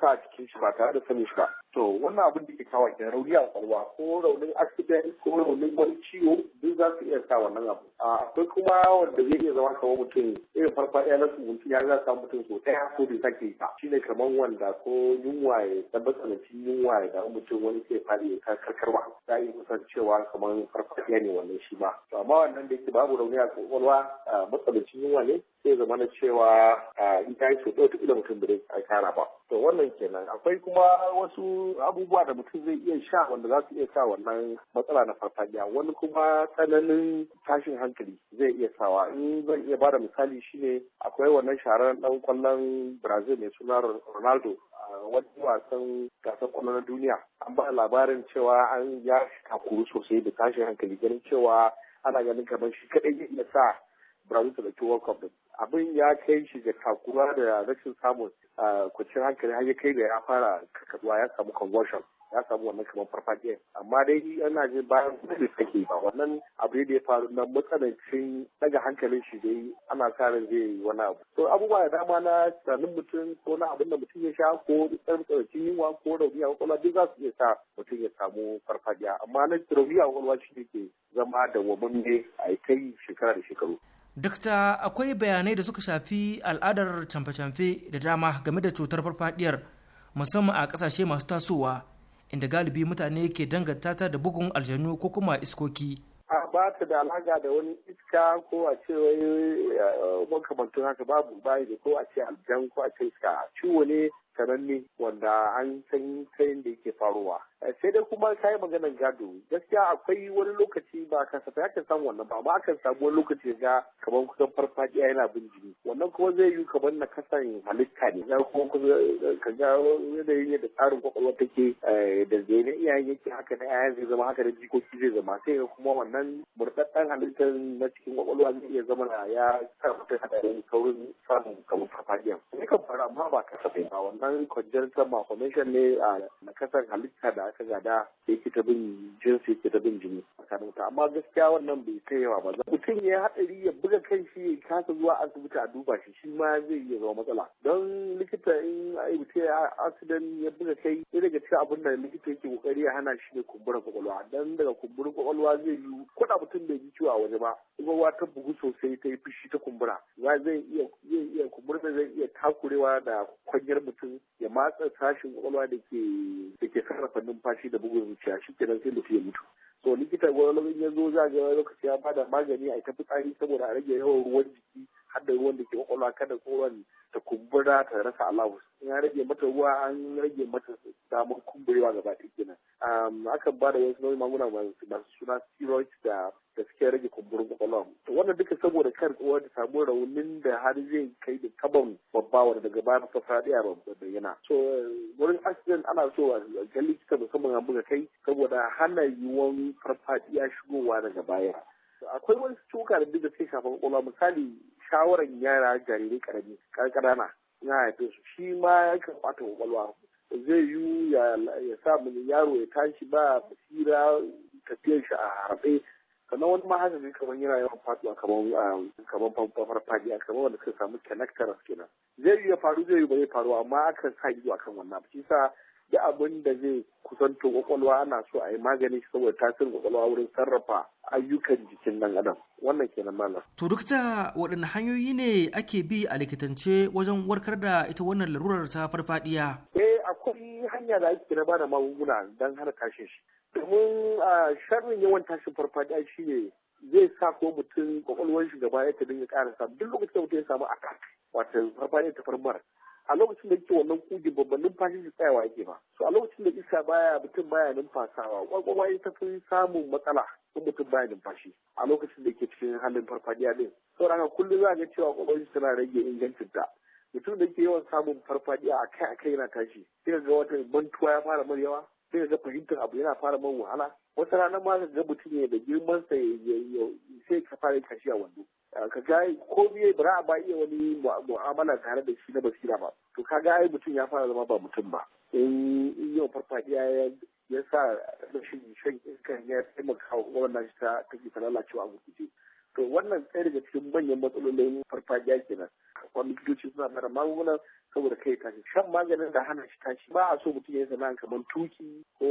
sa cikin shi ba tare da sanin shi ba to wannan abin da ke kawo ke rauni a kwalwa ko raunin accident ko raunin wani ciwo duk za su iya sa wannan abu akwai kuma wanda zai iya zama kamar mutum irin farfaɗiya na mutum ya za samu mutum so ɗaya ko bai sake ba ne kamar wanda ko yunwa ya tabbatar da yunwa ya damu mutum wani ke fari ya karkarwa za a yi kusan cewa kamar farfaɗiya ne wannan shi ma to amma wannan da yake babu rauni a kwakwalwa matsalancin yunwa ne sai zama na cewa in ta yi so ɗaya ta mutum zai kara ba to wannan kenan akwai kuma wasu abubuwa da mutum zai iya sha wanda za su iya sa wannan matsala na farfadiya wani kuma tsananin tashin hankali zai iya sawa in zan iya bada misali shine akwai wannan sharar dan kwallon brazil mai suna ronaldo wani wasan gasar kwallo na duniya an ba labarin cewa an ya takuru sosai da tashin hankali ganin cewa ana ganin kamar shi kadai zai iya sa brazil ta dauki world cup abin ya kai shi ga takura da rashin samun kwanciyar hankali har ya kai da ya fara kakaduwa ya samu convulsion ya samu wannan kamar farfajiyar amma dai ana jin bayan da take ba wannan abu da ya faru na matsanancin daga hankalin shi dai ana sa zai yi wani abu to abubuwa da dama na tsanin mutum ko na abin da mutum ya sha ko tsarkaci yunwa ko rauni a kwakwalwa duk za su iya sa mutum ya samu farfajiya amma na rauni a kwakwalwa shi ne ke zama da ne a kai shekara da shekaru. dakta akwai bayanai da suka shafi al'adar camfe-camfe da dama game da cutar farfadiyar musamman a kasashe masu tasowa inda galibi mutane ke danganta ta da bugun aljanu ko kuma iskoki a ba ta da alaka da wani iska ko a ce wani makamantun haka babu bayi da ko a ce aljan ko a ce iska ciwo ne sananne wanda an san ta da yake faruwa sai dai kuma ka yi maganar gado gaskiya akwai wani lokaci ba ya kan samu wannan ba amma akan samu wani lokaci ga kamar kusan farfadiya yana bin jini wannan kuma zai yi kamar na kasan halitta ne ya kuma ka ga yanayin yadda tsarin kwakwalwa take eh, da zai na iyayen yake haka na iyayen zai zama haka da jikoki zai zama sai ga kuma wannan murɗaɗɗen halittar na cikin kwakwalwa zai iya zama na ya sa mutum haɗarin saurin samun kamar farfadiyan. kan faru amma ba kasafai ba wannan congenital malformation ne a na kasan halitta da al'ada ka gada yake ta bin jinsi yake ta bin jini tsakanin ta amma gaskiya wannan bai kai yawa ba mutum ya haɗari ya buga kan shi ya kasa zuwa asibiti a duba shi shi ma zai iya zama matsala don likita in mutum ya accident ya buga kai sai daga cikin abin da likita yake kokari ya hana shi ne kumburin kwakwalwa don daga kumburin kwakwalwa zai yi kuɗa mutum bai ji ciwo a waje ba kwakwalwa ta bugu sosai ta yi fushi ta kumbura za zai iya zai iya kumburin zai iya takurewa da kwanyar mutum ya matsa sashin kwakwalwa da ke da ke sarrafa numfashi da bugun zuciya shi kenan sai mutum ya mutu so likita wani lokacin ya zo za ga lokaci ya bada magani a ta fitsari saboda a rage yawan ruwan jiki har da ruwan da ke kwakwalwa kada ko ta kumbura ta rasa alawu ya rage mata ruwa an rage mata damar kumburewa gaba ɗaya kenan aka ba da wasu nau'in maguna masu suna steroids da da suke rage kumburin kwakwalwa to wannan duka saboda kar uwa ta samu raunin da har zai kai da kaban babba wanda daga baya ta daya ba bayyana so wurin accident ana so a ga likita musamman an buga kai saboda hana yiwuwan farfadiya shigowa daga baya akwai wani cuka da duka sai shafa kwakwalwa misali shawaran yara jarirai karami karkarana na haife su shi ma ya kan kwata kwakwalwa zai yi ya sa yaro ya tashi ba basira tafiyar shi a harfe sannan wani ma haka kamar yana yawan fatuwa kamar ah, kamar a kamar wanda suka samu connector kenan zai ya faru zai yi ba zai faru amma akan sa ido akan wannan shi sa da abin da zai kusanto kwakwalwa ana so a yi magani saboda tasirin kwakwalwa wurin sarrafa ayyukan jikin nan adam wannan kenan malam. to dukta waɗanne hanyoyi ne ake bi a likitance wajen warkar da ita wannan larurar ta farfadiya. eh akwai hanya da ake na bada magunguna don hana tashin shi domin sharrin yawan tashin farfadiya shi ne zai sa ko mutum kwakwalwar shi gaba ya ta dinga karasa duk lokacin da mutum ya samu aka wato farfadiya ta farmar a lokacin da yake wannan kugin babban numfashi shi tsayawa yake ba so a lokacin da iska baya mutum baya numfasawa kwakwalwa ita fi samun matsala in mutum baya numfashi a lokacin da yake cikin halin farfadiya din saboda haka kullum za ga cewa kwakwalwa suna rage ingancin ta mutum da yake yawan samun farfadiya a kai a kai yana tashi sai ga wata mantuwa ya fara mar yawa sai ga fahimtar abu yana fara man wahala wata ranar ma ga mutum ya da girman sa sai ka fara kashi a wando ka ga ko biye ba za a ba iya wani mu'amala tare da shi na basira ba to ka ga ai mutum ya fara zama ba mutum ba in yau farfadiya ya sa rashin shan iska ya taimaka wa wannan shi ta kake ta lalacewa a to wannan tsaye daga cikin manyan matsalolin farfadiya kenan wani likitoci suna mara magungunan saboda kai tashi shan maganin da hana shi tashi ba a so mutum ya sana'a kamar tuki ko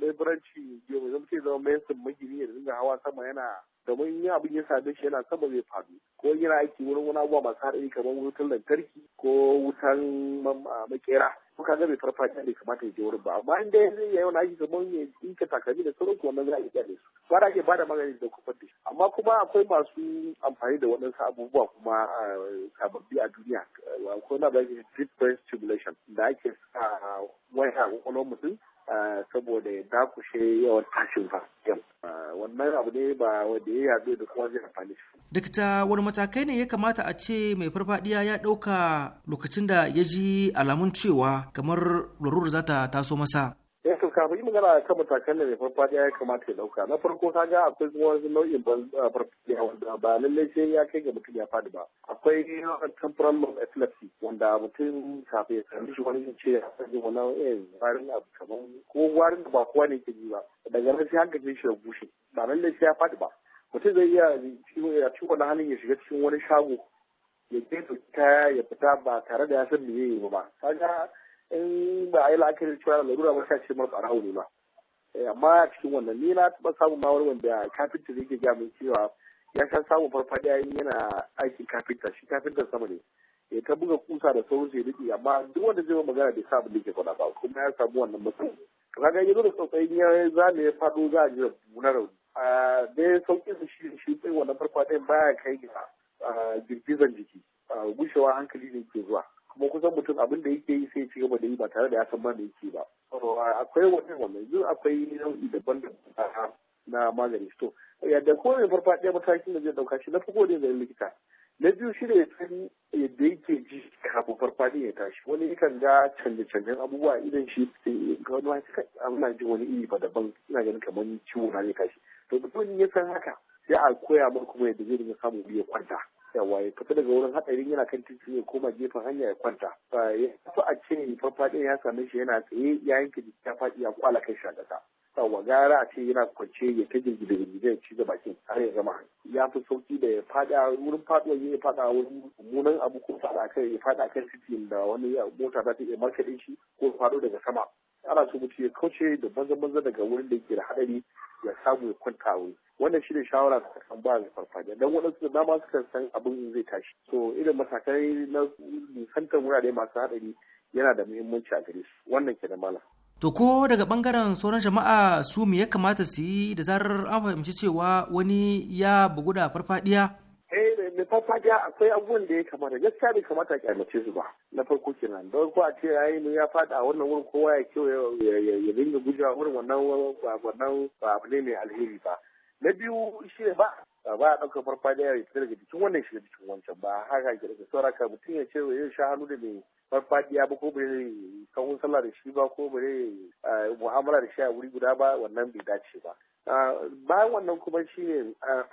leburanci yau zama zama mai sun magini ya dinga hawa sama yana domin in abin ya same shi yana sama zai faɗi ko yana aiki wurin wani abuwa masu haɗari kamar wutan lantarki ko wutan makera ko kaga bai farfaɗi ne kamata ya je wurin ba amma in dai zai yi wani aiki kamar ya dinka takalmi da sauran kuma za a iya da su ba da ake bada magani da kuma da amma kuma akwai masu amfani da waɗansu abubuwa kuma eh, sababbi a duniya akwai na da ake deep brain stimulation da ake sa waya a kwakwalwar mutum saboda ya dakushe yawan tashin fasken wannan abu ne ba wanda ya yaɗu da kuma zai amfani shi. Dakta wani matakai ne ya kamata a ce mai farfadiya ya ɗauka lokacin da ya ji alamun cewa kamar larurar za ta taso masa. ya eh, to kafin yi magana kan matakan da mai farfadiya ya kamata ya dauka na farko ka ga akwai zuwa wani nau'in ah, farfadiya wanda ba lallai sai ya kai ga mutum ya fadi ba akwai temporal lobe epilepsy wanda mutum kafin ya sami shi wani ce ya sami wani irin eh, warin abu kamar ko warin da ba kowa ne ke ji ba daga nan sai ke shi da bushe ba lallai sai ya fadi ba mutum zai iya ya ci wani hannun ya shiga cikin wani shago ya je ta ya fita ba tare da ya san me ya yi ba ka ga in ba a yi la'akari cewa da larura ba sai ce mara ɓarawo ne ba amma a cikin wannan ni na taɓa samun mawar wanda kafinta zai ke gaya min cewa ya sha samun farfaɗiya in yana aikin kafinta shi kafinta sama ne ya ta buga kusa da sauran sai duki amma duk wanda zai magana da sa abin da ke faɗa ba kuma ya samu wannan matsayi to yanzu da tsautsayin ya zame ya faɗo za a ji na rauni a da ya sauƙi su shi shi tsayin wannan farfaɗiyan baya kai ga girgizan jiki gushewa hankali ne ke zuwa kuma kusan mutum abin da yake yi sai ci gaba da yi ba tare da ya san ma da yake ba akwai wani wannan yanzu akwai nau'i daban da na magani to yadda kowane farfadiya matakin da zai dauka shi na farko ne zai likita na biyu shi da ya san yadda yake ji kafin farfaɗin ya tashi wani yakan ga canje-canjen abubuwa idan shi ga wani wani ana jin wani iri ba daban ina ganin kamar ciwo na ne tashi to mutum ya san haka sai a koya mar kuma yadda zai dinga samun biyan kwanta yawa ya fita daga wurin hadarin yana kan titi ne koma gefen hanya ya kwanta ya fi a ce farfadin ya same shi yana tsaye ya yanke jiki ya faɗi ya kwala kai shagata yawa gara a ce yana kwance ya ta da girgida ya ci da bakin har ya gama ya fi sauki da ya a wurin faɗuwa ya a wurin munan abu ko faɗa kai ya faɗa kan titi da wani mota za ta iya markaɗe shi ko faɗo daga sama ana so mutum ya kauce da banza-banza daga wurin da ke da haɗari ya samu ya kwanta wuri wannan shi ne shawara da kan ba da farfajiya dan waɗansu da dama suka san abin zai tashi so irin matakai na nisantar wurare masu haɗari yana da muhimmanci a gare su wannan ke da mala. To ko daga bangaren sauran jama'a su me ya kamata su yi da zarar an fahimci cewa wani ya bugu da farfadiya eh da farfajiya akwai abubuwan da ya kamata gaskiya bai kamata a kyamace su ba na farko kenan don ko a ce yayi mu ya fada a wannan wurin kowa ya kyau ya dinga gujewa wurin wannan wannan ba abu ne mai alheri ba na biyu shi ba ba a ɗaukar farfajiya ya fita daga jikin wannan shi jikin wancan ba haka ke daga saura ka mutum ya ce ya sha hannu da mai farfajiya ba ko ba zai kawun sallah da shi ba ko ba zai eh, mu'amala da shi a wuri guda ba wannan bai dace ba ah, bayan wannan kuma shi ne ah,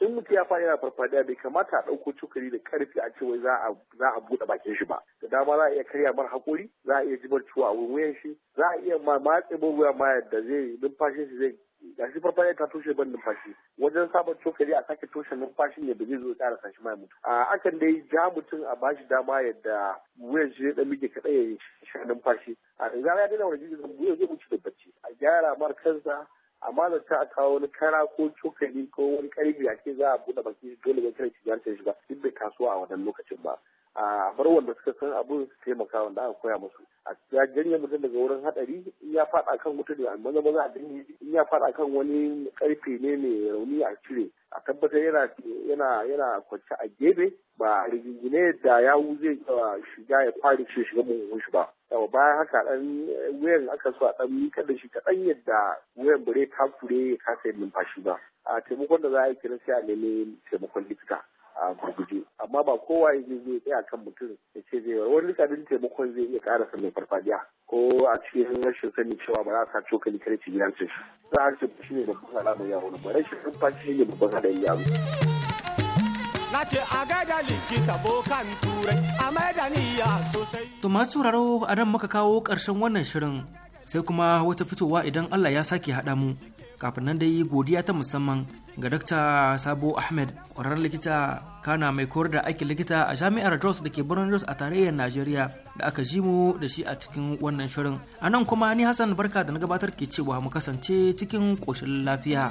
in mutum ya fara yana farfadiya bai kamata a ɗauko cokali da karfi a ce wai za a buɗe bakin shi ba da dama za a iya karya mar hakori za a iya jibar ciwo a wuyan shi za a iya ma matse bubuwa ma yadda zai numfashin shi zai shi farfadiya ta toshe ban numfashi wajen sabon cokali a sake toshe numfashin ne da zai zo ƙara sashi mai mutu a akan dai ja mutum a bashi dama yadda wuyan shi zai ɗan mike kaɗai ya sha numfashi a ɗan ya daina wani jirgin zai wuce da bacci a gyara mar kansa amma da ta kawo wani kara ko cokali ko wani karfi a ce za a buɗe baki dole ne kare shigar shi ba duk bai kasuwa a wannan lokacin ba a bar wanda suka san abu su taimaka wanda aka koya musu a ya janye mutum daga wurin hadari in ya faɗa kan mutum da maza maza a dinne in ya faɗa kan wani karfe ne mai rauni a cire a tabbatar yana yana yana kwance a gefe ba rigingine da yawu zai shiga ya kware shi shiga mun shi ba yawa bayan haka dan wayan aka so a dan mika da shi kaɗan yadda wuyan bare ta fure ya kasa numfashi ba a taimakon da za a yi kiran sai a nemi taimakon likita a gurguje amma ba kowa ya zai tsaya kan mutum ya ce zai wani likadin taimakon zai iya ƙara mai farfadiya ko a cikin rashin sani cewa ba za a sa cokali kare ci gidan cin za a ce shi ne babban alamar yaro ba rashin numfashi shi ne babban alamar yaro. na ce a gaida likita bokan turai a da niyya sosai. to masu sauraro a nan muka kawo ƙarshen wannan shirin sai kuma wata fitowa idan Allah ya sake haɗa mu kafin nan dai godiya ta musamman ga Dr. Sabo Ahmed, ƙwararren likita kana mai koyar da aikin likita a jami'ar Jos da ke birnin Jos a tarayyar Najeriya da aka ji mu da shi a cikin wannan shirin. A nan kuma ni Hassan Barka da na gabatar ke cewa mu kasance cikin ƙoshin lafiya.